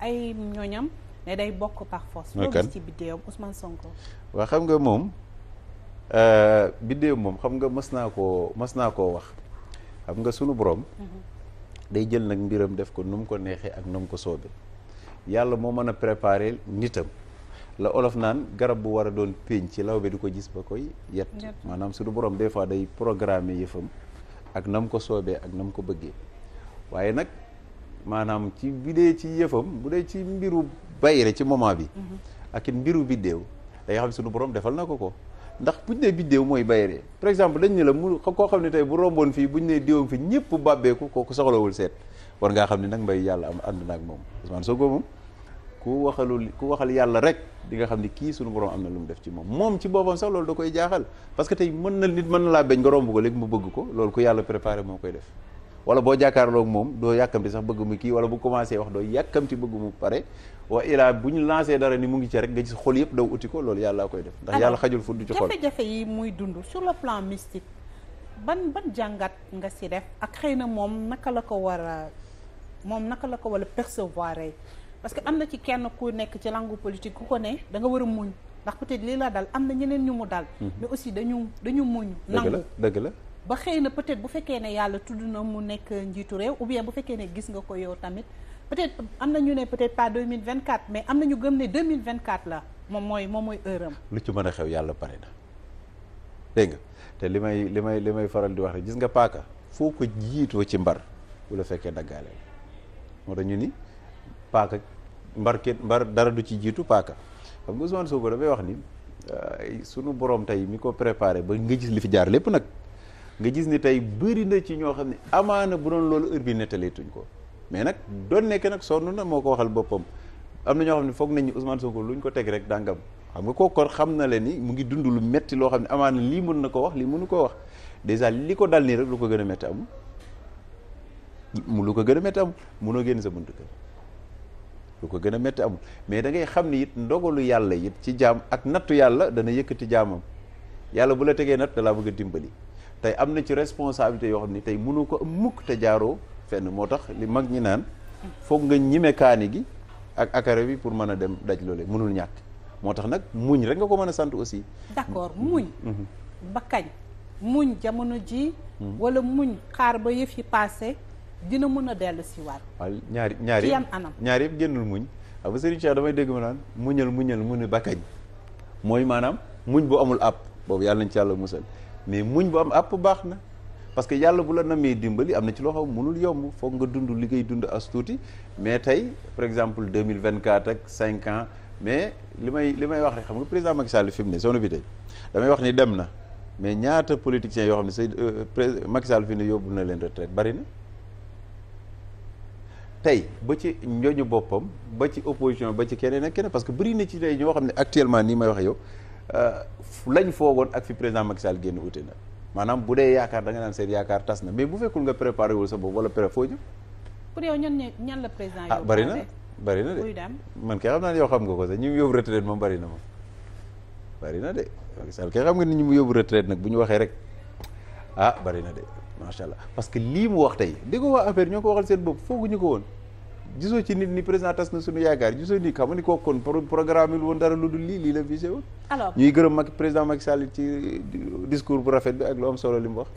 ay ñooñam ne day bokk par force. mooy kan ci biddéewam Ousmane Sonko. waaw xam nga moom euh, biddéew moom xam nga mës naa koo mës naa ko wax xam nga sunu borom. Mhm. day jël nag mbiram def ko nu mu ko neexee ak nu ko soobee yàlla moo mën a préparer nitam. la olof naan garab bu war a doon péñ ci law bi di ko gis ba koy yet maanaam suñu borom des fois day programmer yëfam ak nam ko soobee ak nam ko bëggee waaye nag maanaam ci bi dee ci yëfam bu dee ci mbiru bayre ci moment bi mhm. ak it mbiru biddéew day xam suñu borom defal na ko ko ndax buñ ne biddéew mooy bayre par exemple dañ ne la mu koo xam ne tey bu romboon fii buñ ne diwam fi ñëpp bàbbeeku kooku soxlawul seet war ngaa xam ne nag mbay yàlla am ànd naag moom Ousmane Sonko moom ku waxalul ku waxal yàlla rek di nga xam ne kii suñu borom am na lu mu def ci moom moom ci boppam sax loolu da koy jaaxal parce que tey mën na nit mën na laa beñ nga romb ko léegi mu bëgg ko loolu ku yàlla préparé moo koy de wala boo jàkkaarloog moom doo yàkkamti sax bëgg mu kii wala bu commencé wax doo yàkkamti bëgg mu pare wa ilaa bu ñu lancé dara ni mu ngi ci rek nga gis xol yëpp daw uti ko loolu yàlla koy def ndax yàlla xajul fu du ci xol jafe-jafe yi muy dund sur le plan mystique ban ban jàngat nga si def ak xëy na moom naka la ko war moom naka la ko war a percevoir parce que am na ci kenn ku nekk ci langue politique ku ko ne danga nga war a muñ ndax peut-être lii la am na ñeneen ñu mu dal mhm. aussi dañu dañu muñ nangu la dëgg la ba xëy na peut-être bu fekkee ne yàlla tudd na mu nekk njiitu réew ou bien bu fekkee ne gis nga ko yow tamit peut-être am na ñu ne peut-être pas 2024 mais am na ñu gëm ne 2024 la moom mooy moom mooy heure am lu ci mën a xew yàlla pare na dégg nga te li may li may li may faral di wax rek gis nga paaka foo ko jiitoo ci mbar bu la fekkee daggaaleel moo tax ñu ni paaka mbar kenn mbar dara du ci jiitu paaka xam nga Ousmane Sonko dafay wax ni sunu borom tey mi ko préparé ba nga gis li fi jaar lépp nag nga gis ni tey bëri na ci ñoo xam ne amaana bu doon loolu heure nettalee tuñ ko mais nag doon nekk nag sonn na moo ko waxal boppam am na ñoo xam ne foog nañu Ousmane lu ñu ko teg rek dàngam xam nga koo kon xam na leen ni mu ngi dund lu metti loo xam ne amaana lii mën na ko wax lii mënu koo wax déjà li ko dal nii rek lu ko gën a metti amul ko gën a metti amul munoo génn sa buntu kër ko gën a metti amul mais da ngay xam ni it ndogalu yàlla it ci jaam ak nattu yàlla dana yëkkati jaamam yàlla bu la tegee natt laa bëgg dimbali tey am na ci responsabilité yoo xam ni tey munoo ko am mukk te jaaroo fenn moo tax li mag ñi naan foog nga ñime kaani gi ak akare bi pour mën a dem daj loole mënul ñàkk moo tax nag muñ rek nga ko mën a sant aussi d'accord muñ mhm. ba kañ muñ jamono ji mhm. wala muñ xaar ba yëf yi passé dina mën a dellu si waat waaw ñaari ñaari yan anam ñaari yëpp génnul muñ xam nga Serigne Cheikh damay dégg mu naan muñal muñal mu ne ba kañ mooy maanaam muñ boo amul àpp boobu yàlla nañ ci yàlla musal mais muñ bu am àpp baax na parce que yàlla bu la namee dimbali am na ci loo xam mënul yomb foog nga dund li kay dund as tuuti mais tey par exemple mille vingt 2024 ak cinq ans mais li may li may wax rek xam nga président Macky Sall fi mu ne bi tey damay wax ni dem na mais ñaata politiciens yoo xam ne say euh, Macky Sall fi mu ne na leen retraite bari na tey ba ci njoñu boppam ba ci opposition ba ci keneen ak keneen parce que bëri ci ne actuellement nii may wax yow Euh, lañ foogoon ak fi président Macky génn ute na maanaam bu dee yaakaar danga nga naan seen yaakaar tas na mais bu fekkul nga préparé wul sa bopp wala ñan ñan la président. ah bari na bari na de man kay xam naa ne xam nga ko sax ñu ngi yóbbu retraite moom bari na moom. bari na de Macky Sall kay nga ni ñu mu yóbbu retraite nag bu ñu waxee rek ah bari na de macha allah parce que lii mu wax tey di ko waa affaire ñoo ko waxal seen bopp fooguñu ko woon. gisoo ci nit ni président tas na suñu yaakaar gisoo ni xam ni kooku kon programme yi woon dara lu dul lii lii la visé woon. alors ñuy gërëm Macky président Macky Sall ci discours bu rafet bi ak lu am solo li mu wax.